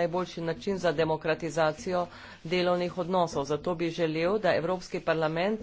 najboljši način za demokratizacijo delovnih odnosov. Zato bi želel, da Evropski parlament